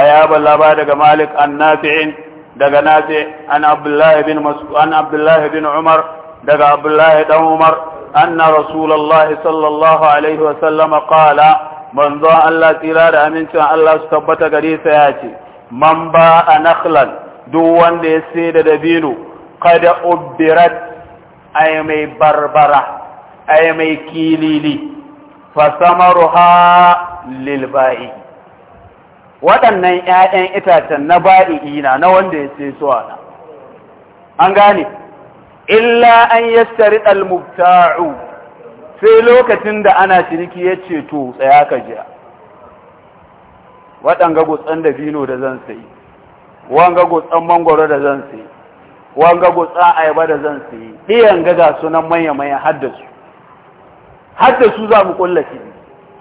Speaker 1: ya balla ba daga malik an nafi'in daga nafi an abdullahi bin mas'ud an abdullahi bin umar daga abdullahi dan umar anna rasulullahi sallallahu alaihi wa sallam qala manzo Allah tira da amincin Allah su tabbata gare sa ya ce man ba a nakhlan duk wanda ya sai da dabino kada ubbirat ay mai barbara ay mai kilili fa samaruha lil ba'i waɗannan ‘ya'yan itacen na ba'i'ina na wanda ya ce suwa na an gane illa an yi al-mubta'u sai lokacin da ana ciniki ya ce to tsaya ka jiya waɗanga gutsan da vino da zan sayi wanga gutsan mangoro da zan sayi wanga gutsan ayaba da zan sayi ɗiyan gaga sunan manya-manya haddasu haddasu za mu kulla shi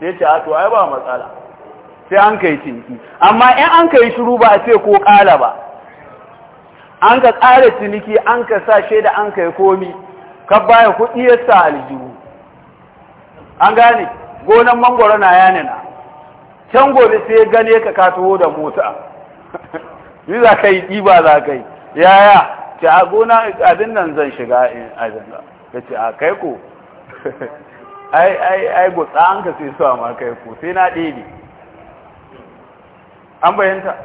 Speaker 1: sai ce a to ai ba matsala sai an kai ciniki amma in an kai shiru ba a ce ko ƙala ba an ka ƙara ciniki an ka sa shaida an kai komi ka baya kuɗi ya sa aljihu an gane gonan mangoro na yanina can gobe sai ya gane ka ka da mota ni za ka yi ɗiba za ka yi yaya ce a gona abin nan zan shiga in ajanda Ka ce a kai ko ai ai ai gutsa an ka sai su ma kai ko sai na ɗebe an bayanta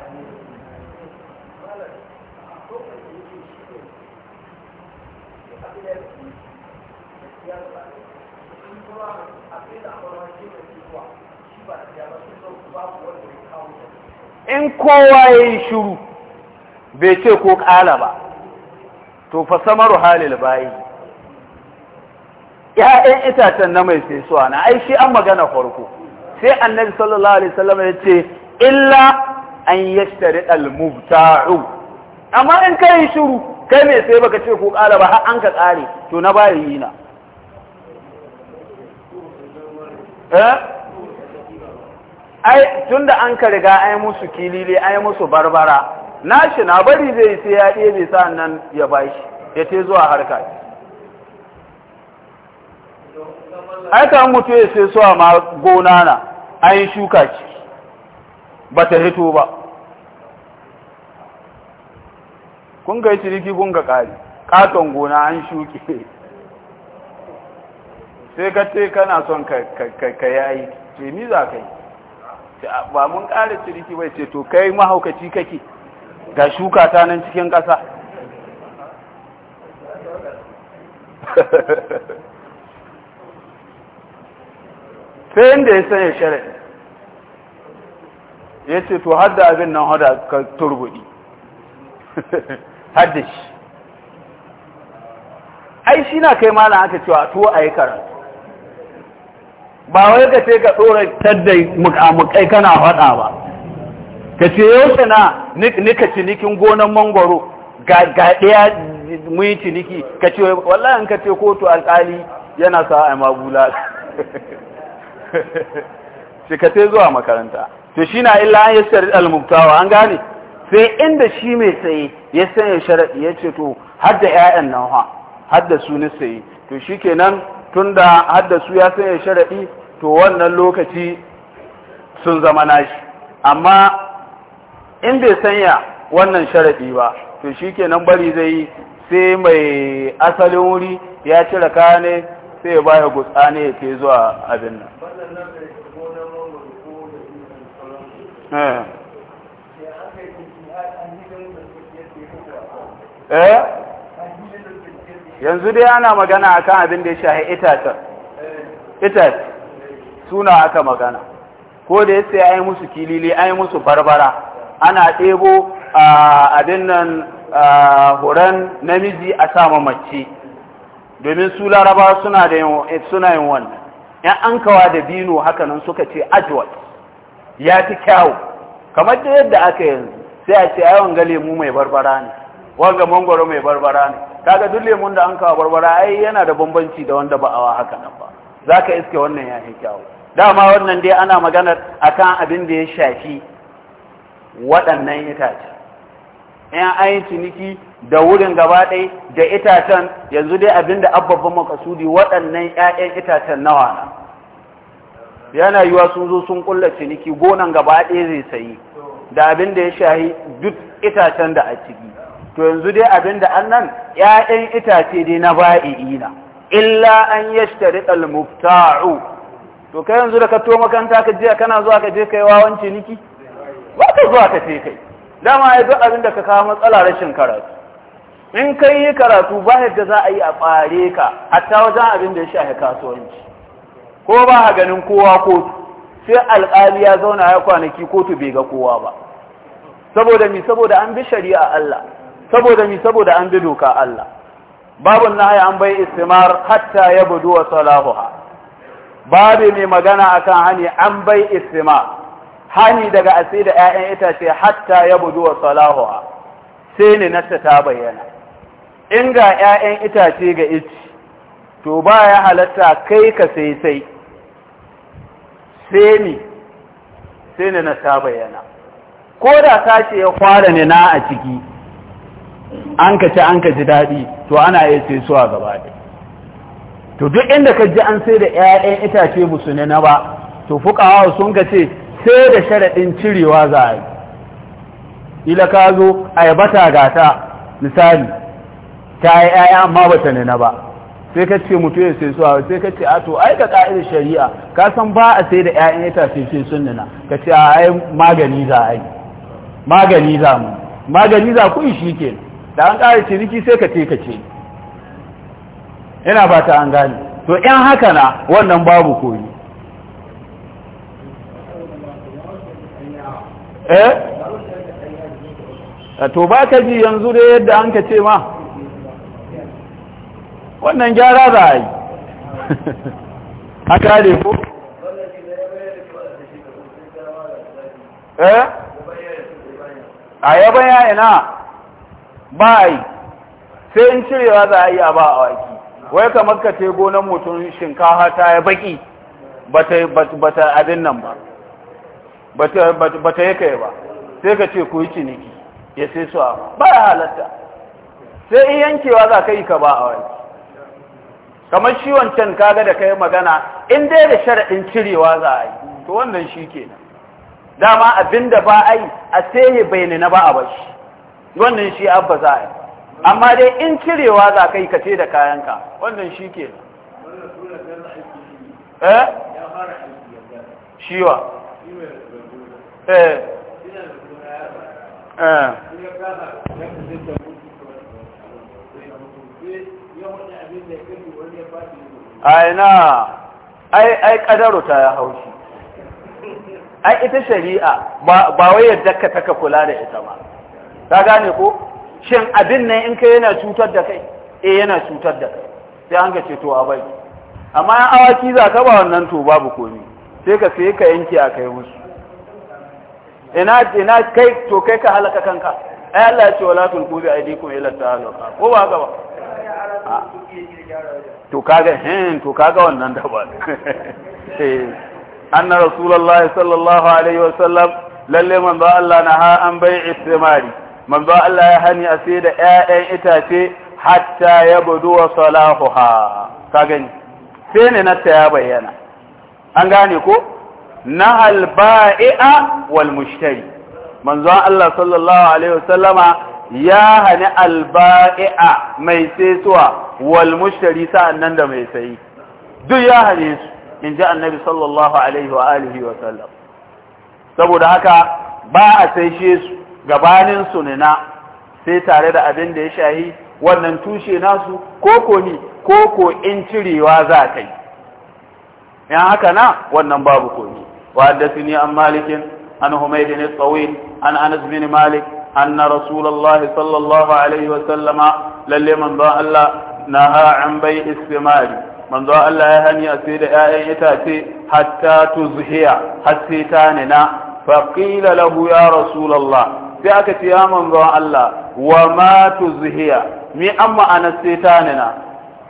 Speaker 1: in kowa ya yi shuru bai ce ko kala ba to fa samaru halil bayi ‘ya'yan itacen na mai sai suwa na ai shi an magana farko sai annabi sallallahu alaihi wasallam ya ce illa an yashtari al-mubta'u amma in kai shiru kai ne sai baka ce ko ƙara ba har an ka tsare to na bari yi na eh ai tunda an ka riga ai musu kilile ai musu barbara nashi na bari zai sai ya ɗebe sa nan ya bashi ya te zuwa harka ai ta mutu sai suwa ma gona na ai shuka ki ba ta hito ba kun ga ciriki kun ga ƙari ƙaton gona an shuke sai ka ce kana son ka yayi ce ni za ka yi ba mun ƙari ciriki bai ce to kai mahaukaci kake ga shuka ta nan cikin ƙasa sai inda ya sanya shari'a ya ce to hada abin nan hada ka turbuɗi hadda shi ai shi na kai malam aka cewa to ayi karatu ba wai ka ce ka ɗora tadda mukamukai kana haɗa ba ka ce yau na nika cinikin gonan mangwaro ga mun yi ciniki ka ce wallahi ka ce kotu alƙali yana sa a shi ka ce zuwa makaranta to shi na illa an yasar al muktawa an gane sai inda shi mai saye ya sanya sharaɗi ya ce to da ƴaƴan nan ha da su ne saye to shi da tunda da su ya sanya sharaɗi to wannan lokaci sun zama nashi amma in bai sanya wannan sharaɗi ba to shi shikenan bari zai yi sai mai asalin wuri ya cire kaya ne sai ya baya gutsa ne ya ke zuwa abin nan eh yanzu dai ana magana akan abin da ya shahi itatar itat suna aka magana ko da yace ai musu kilili ai musu barbara ana ɗebo abin nan horon namiji a sama mace domin su laraba suna da yin wannan yan an kawa da bino hakanan suka ce ajwat ya fi kyawu kamar da yadda aka yanzu sai a ce ai wanga lemu mai barbara ne wanga mangoro mai barbara ne kaga duk lemun da an kawo barbara ai yana da bambanci da wanda ba awa haka nan ba za ka iske wannan ya fi kyawu dama wannan dai ana magana kan abin da ya shafi waɗannan itace in an yi ciniki da wurin gaba ɗai da itacen yanzu dai abin da abubban makasudi waɗannan 'ya'yan itacen nawa na yana yiwa sun zo sun kulla ciniki gonan gaba ɗaya zai sayi da abin da ya shahi duk itacen da a ciki to yanzu dai abin da annan ƴaƴan itace dai na na illa an yashtari al-mubta'u to kai yanzu da ka to makanta ka je kana zuwa ka je kai wawan ciniki ba ka zuwa ka ce kai dama ai duk abin da ka kawo matsala rashin karatu in kai yi karatu ba yadda za a yi a ɓare ka hatta wajen abin da ya shahi kasuwanci ko ba a ganin kowa kotu sai alƙali ya zauna ya kwanaki kotu bai ga kowa ba saboda mi saboda an bi shari'a Allah saboda mi saboda an bi doka Allah babun nahi an bai istimar hatta ya budu wa salahuha babu mai magana akan hani an bai istimar hani daga asiri da ƴaƴan itace hatta ya budu wa salahuha sai ne nasta ta bayyana in ga ƴaƴan itace ga ici to baya halatta kai ka sai sai sai ni sai ni na ta bayyana ko da ce ya fara ne na a ciki an ka ci an ka ji daɗi to ana iya sai suwa gaba da to duk inda ka ji an sai da 'ya'yan itace musu su na ba to fukawa sun ka ce sai da sharaɗin cirewa za a yi ila ka zo a yabata gata misali ta yi 'ya'ya amma bata ta na ba sai ka ce mutu ya sai suwa sai ka ce a to ai ka ka'idar shari'a ka san ba a sai da ƴaƴan ita sai sun nuna ka ce a ai magani za a yi magani za mu magani za ku shi ke da an ƙara ciniki sai ka ce ka ce ina ba ta an gane to ƴan haka na wannan babu koyi eh to ba ka ji yanzu da yadda an ka ce ma wannan gyara za a yi eh? a kare ko a yaban ya ina ba a yi sai in cirewa za a yi a ba a waki wai kamar ka tego na mutum shinkafa ta ya baki ba ta abin nan ba ba ta yi kai ba sai ka ce ku yi ciniki ya sai su ba ya halatta sai in yankewa za ka yi ka ba a waki kamar shi wancan kaga da kai magana in dai da sharaɗin cirewa za a yi to wannan shi kenan dama abinda ba a yi a sai bayani na ba a bashi wannan shi abba za a yi amma dai in cirewa za ka yi kace da kayanka wannan shi kenan eh shiwa eh eh aina ai ai Kadaro ta ya haushi ai ita shari'a ba wai yadda ka taka kula da ita ba ka gane ko shin abin nan in kai yana cutar da kai eh yana cutar da kai sai an ga ce to a bai amma yan awaki za ka ba wannan to babu komi sai ka sai ka yanke a kai musu ina ina kai to kai ka halaka kanka ai Allah ya ce wala tulqu bi aidikum ila ta'aluqa ko ba haka ba to kaga hin hmm, to kaga wannan daban eh, anna rasulullah sallallahu alaihi wasallam lalle man ba Allah na ha an bai istimari man ba Allah ya hani a sai da ƴaƴan itace hatta yabdu wa salahuha kaga ni sai ne na ta ya bayyana an gane ko na alba'i'a wal mushtari manzo Allah sallallahu alaihi wasallama ya hani alba'i'a mai saisuwa wal mushtari sa'annan da mai sayi duk ya hane su in ji annabi sallallahu alaihi wa alihi wa sallam saboda haka ba a saishe su gabanin su ne na sai tare da abin da ya shahi wannan tushe nasu koko ni koko in cirewa za ka yi yan haka na wannan babu komi wa haddathani an malikin an humaydin an anas bin malik أن رسول الله صلى الله عليه وسلم للي من ذا الله نهى عن بيع الثمار من ذا الله يهني أسير آية تأتي حتى تزهي حتى تاننا فقيل له يا رسول الله فأكت يا من ذا الله وما تزهي مي أما أنا سيتاننا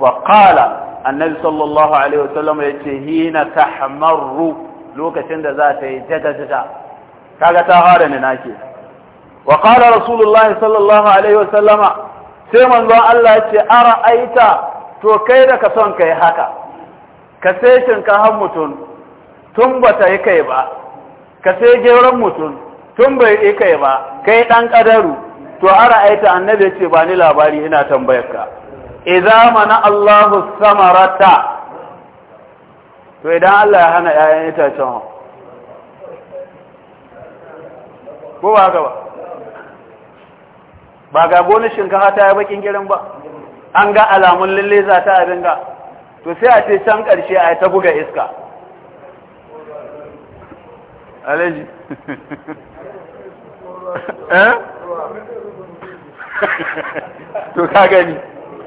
Speaker 1: فقال النبي صلى الله عليه وسلم يتهين تحمر لوكا تند ذات جدا جدا كاغا تهارن ناكي wa qala rasulullahi sallallahu alaihi wa wasallam sai manzon Allah ya ce ara aita to kai da ka son kai haka ka sai shinkahan mutum tun ba ta yi kai ba ka sai geron mutum tun bai yi kai ba kai dan kadaru to ara aita annabi ya ce ba ni labari ina tambayar ka idza mana Allahu samarata to idan Allah ya hana ‘ya'yan itacen
Speaker 2: ko ba haka ba
Speaker 1: ba ga gonar shinkafa ta yi bakin girin ba an ga alamun lalle za ta abin ga to sai a ce can ƙarshe a ta buga iska alaji eh to ka gani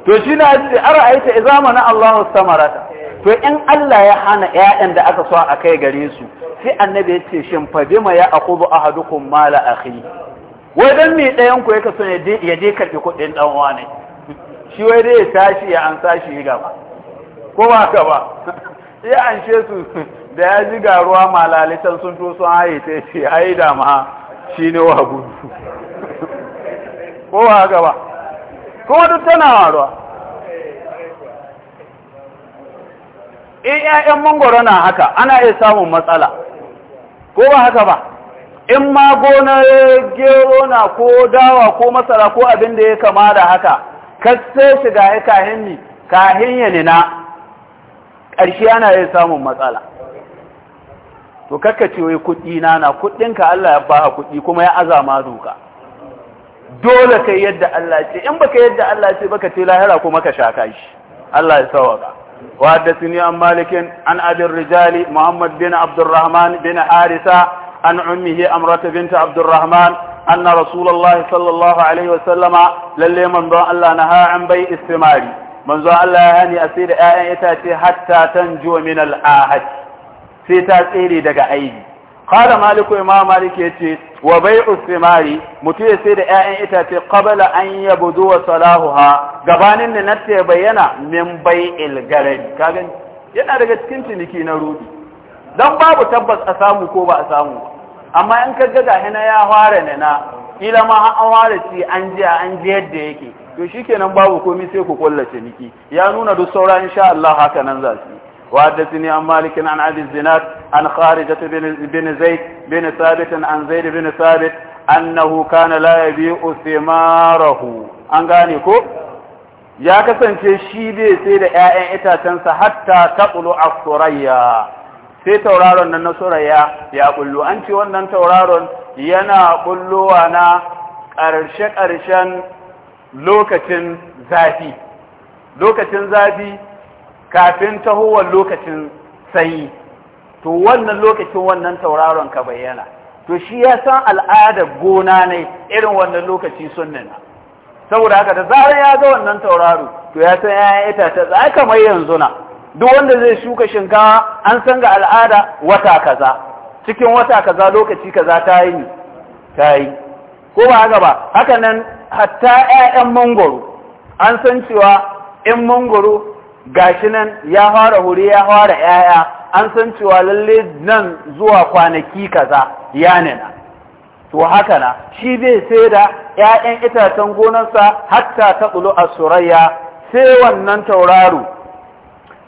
Speaker 1: to shi na ji ara ra'ayta izama na Allahu samarata to in Allah ya hana ƴaƴan da aka so a kai gare su sai annabi ya ce shin fa bima ya aqubu ahadukum mala akhi wai dan mai ɗayan ku yake son ya je karɓi kuɗin ɗan uwa ne shi wai dai ya tashi ya an tashi ya gaba ko ba ka ba ya an she su da ya ji garuwa ruwa malalitan sun to sun haye ta ce ai da ma shi ne wa gudu ko ba ka ba kuma duk tana waruwa in 'ya'yan mangoro na haka ana iya samun matsala ko ba haka ba in ma gona gero na ko dawa ko masara ko abin da ya kama da haka kasse shiga ya kahin ni kahin ya nina ƙarshe yana yin samun matsala to kakkace wai kuɗi na na kuɗinka Allah ya baha kuɗi kuma ya azama duka dole yi yadda Allah ce in baka yadda Allah ce baka ce lahira kuma ka shaka shi Allah ya sawa sawaka su ne an malikin an abin Rijali, Muhammad bin الرحمن bin Arisa. عن عمه أمرة بنت عبد الرحمن أن رسول الله صلى الله عليه وسلم للي من ضاء الله نهى عن بيء استماري من ضاء الله هاني أسير آياتي حتى تنجو من الآهد في تأثيري دقا أيدي قال مالك إمام مالك يتي وبيع الثمار متي سيد آيان إتاتي قبل أن يبدو صلاحها قبان da نتي بينا من bai'il garin kagan ينا رجل cikin نكي نرودي don babu tabbas a samu ko ba a samu amma in ka ga gashi ya fara ne na ila ma an fara ci an ji an ji yadda yake to shikenan babu komai sai ku kullace niki ya nuna duk saura insha Allah haka nan za su wa haddathani an malik an abi zinat an kharijat bin zaid bin Sabit, an zaid bin thabit annahu kana la yabi'u thimarahu an gane ko ya kasance shi bai sai da ƴaƴan itacensa hatta taqlu as sai tauraron nan na suraya ya kullu an ce wannan tauraron yana bullowa na ƙarshe-ƙarshen lokacin zafi lokacin zafi kafin tahowar lokacin sanyi to wannan lokacin wannan tauraron ka bayyana to shi ya san al'adar gona ne irin wannan lokaci sunnana saboda haka da zarar ya ga wannan tauraro to ya san ya ita ta za mai yanzu na duk wanda zai shuka shinkawa an san ga al'ada wata kaza cikin wata kaza lokaci kaza ta yi ta yi ko ba haka ba haka nan hatta 'ya'yan mangoro an san cewa in mangoro gashi nan ya fara hure ya fara 'ya'ya an san cewa lalle nan zuwa kwanaki kaza ya na? to haka na shi zai sai da 'ya'yan itacen gonarsa hatta ta tsulu a surayya sai wannan tauraro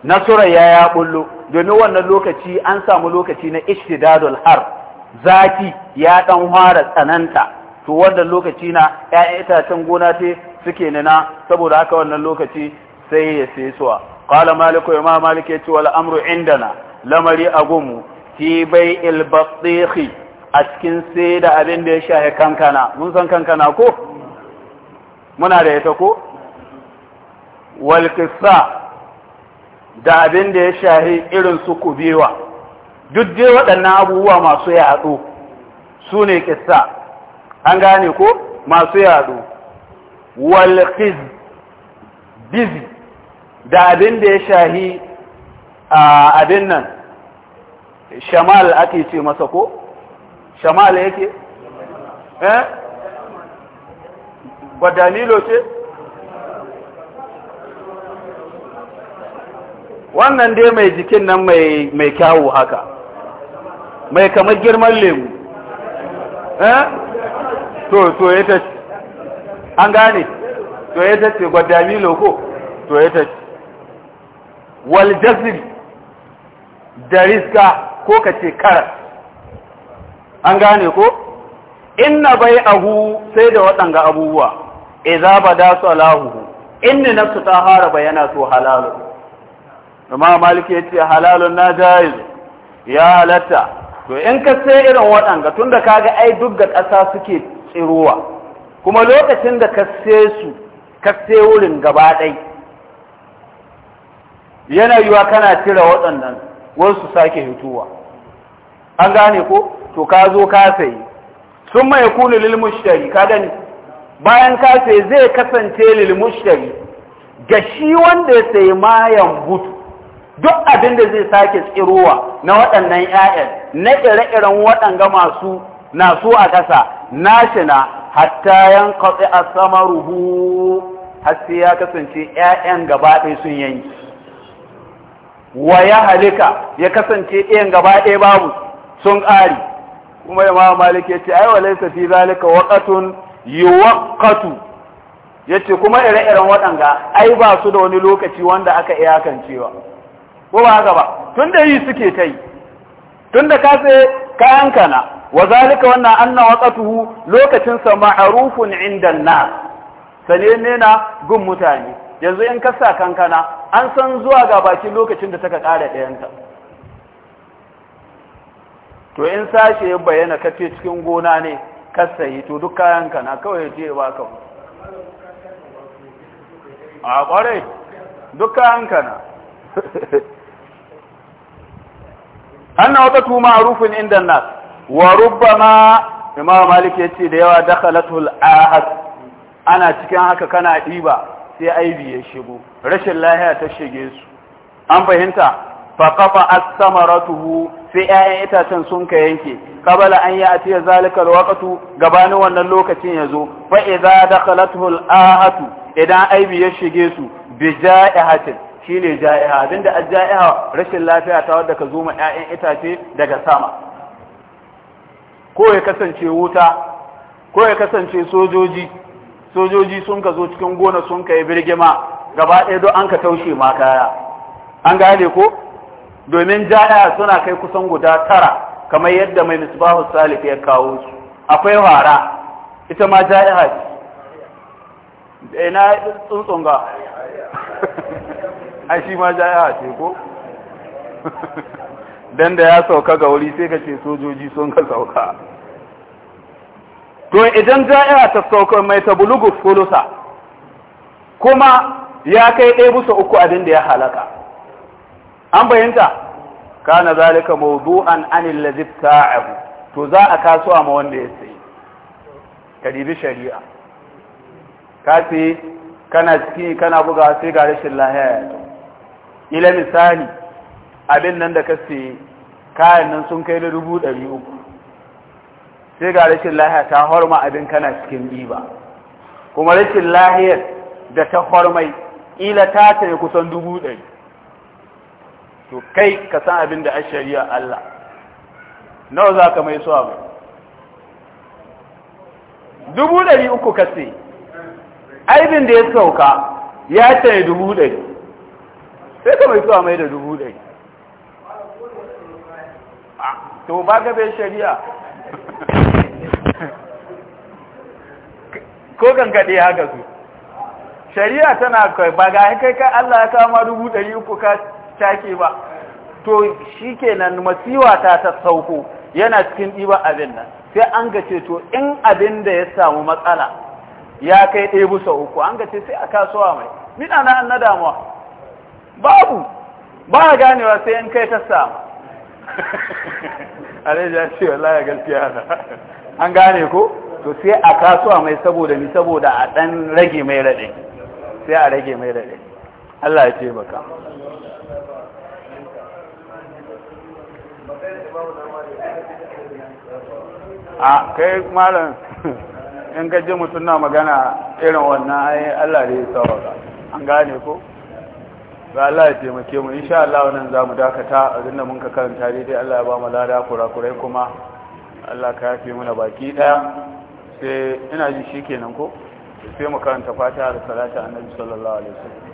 Speaker 1: nasura ya ya bullo domin wannan lokaci an samu lokaci na ishtidadul har zaki ya dan fara tsananta to wannan lokaci na ƴaƴan itacen gona ce suke na saboda haka wannan lokaci sai ya sesuwa qala maliku imam malik ya ce wal amru indana lamari agumu fi bai'il batikhi a cikin sai da abin da ya shahe kankana mun san kankana ko muna da ita ko wal qissa da abin da ya shahi irin su kubewa duk dai waɗannan abubuwa masu yaɗo su ne kissa an gane ko masu yaɗo walƙiz bizi da abin da ya shahi a abin nan shamal ake ce masa ko shamal yake eh wadalilo ce wannan dai mai jikin nan mai kyawu haka mai kamar girman lemu eh to to ya tace an gane to ya ce gwadami loko to ya ta wal jazri da riska ko ka ce karas an gane ko inna bai'ahu sai da waɗanga abubuwa da su alahu inni nafsu haraba bayana so halalu amma maliki ya ce halalun na jayiz ya halatta to in ka sai irin waɗanga tun da kaga ai duk ga ƙasa suke tsirowa kuma lokacin da ka sai su ka sai wurin gaba ɗai yana yiwa kana cire waɗannan wasu sake hituwa an gane ko to ka zo ka sayi sun mai kunu lil mushtari ka gani bayan ka sayi zai kasance lil mushtari ga shi wanda ya sayi mayan butu duk abin da zai sake tsirowa na waɗannan 'ya'yan na ire-iren waɗanga masu na su a ƙasa na hatta yan kwatsi a ruhu hasi ya kasance 'ya'yan gabaɗe sun yanki wa ya halika ya kasance ɗayan gabaɗe babu sun ƙari kuma imam malik ya ce aiwa laisa fi zalika waqatun yuwaqqatu yace kuma ire-iren waɗanga ai ba su da wani lokaci wanda aka iyakancewa ko ba haka ba tun da yi suke ta yi tun da ka tsaye kayan kana wa zalika wannan anna waqatuhu lokacin sa ma'rufun inda nas sane ne na gun mutane yanzu in kasa kankana an san zuwa ga baki lokacin da taka kare ɗayanta to in sashe ya bayyana kace cikin gona ne kasayi to duk kayan kana kawai je ba ka a kwarai duk kayan kana anna waqatu ma'rufun inda nas wa rubbama imam malik yace da yawa dakhalatul ahad ana cikin haka kana diba sai aibi ya shigo rashin lahiya ta shige su an fahimta fa qafa as-samaratuhu sai 'ya'yan itacen sun ka yanke kabala an yi atiya zalikal waqtu gabanin wannan lokacin yazo fa idza dakhalathu al idan aibi ya shige su bijaihatin shine ja'iha abinda ajja'iha rashin lafiya ta wadda ka zuma ƴaƴan itace daga sama ko ya kasance wuta ko ya kasance sojoji sojoji sun ka zo cikin gona sun ka birgima gaba ɗaya don an ka taushe ma kaya an gane ko domin ja'iha suna kai kusan guda tara kamar yadda mai misbahu salif ya kawo su akwai hara ita ma ja'iha ce ina eh, tsuntsun ai shi ma ya ce ko dan da ya sauka ga wuri sai ka ce sojoji sun ka sauka to idan jaya ta sauka mai ta bulugu fulusa kuma ya kai ɗaya musu uku abin da ya halaka an bayanta kana zalika mawdu'an anil ladhi ta'abu to za a kasuwa ma wanda ya sayi kadibi shari'a ka kana ciki kana buga sai ga rashin lahiya ila misali abin nan da ka kayan nan sun kai da dubu ɗari uku sai ga rashin lahiyar ta horma abin kana cikin ɗiba kuma rashin lahiyar da ta hormai ila ta tare kusan dubu ɗari to kai ka san abin da a Allah nawa za ka mai suwa mai dubu ɗari uku ka aibin da ya sauka ya tare dubu ɗari sai ka mai zuwa mai da dubu ɗari to ba ka bai shari'a ko kan kaɗe haka su shari'a tana kai ba ga kai kai Allah ya kama dubu ɗari uku ka take ba to shi kenan masiwa ta ta sauko yana cikin ɗiban abin nan sai an gace to in abin da ya samu matsala ya kai ɗaya bisa uku an gace sai a kasuwa mai mina na an na damuwa babu ba a ganewa sai in kai ta samu rai ya ce wala ya gaskiya na an gane ko to sai a kasuwa mai saboda ni saboda a dan rage mai rade sai a rage mai rade Allah ya ce baka
Speaker 2: a kai
Speaker 1: malam in gaji mutum na magana irin wannan ai Allah da ya saurara an gane ko ga Allah ya taimake mu insha Allah wannan zamu dakata abin mun ka karanta dai Allah ya ba mu lada kurakurai kuma Allah ka yafe mana baki daya sai ina ji shikenan ko sai mu karanta fatiha da salati annabi sallallahu alaihi wasallam